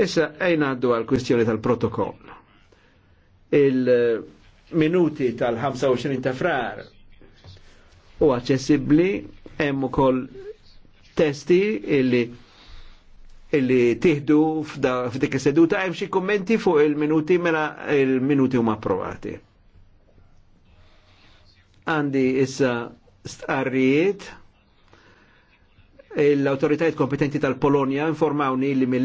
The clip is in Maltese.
Issa, ejna għaddu għal kwistjoni tal-protokoll. Il-minuti tal-25 ta' frar u għaccessibli emmu kol testi illi illi tiħdu f'dik seduta hemm xi kummenti fuq il-minuti mela il-minuti huma approvati. Għandi issa stqarrijiet l-autoritajiet kompetenti tal-Polonja informawni li mill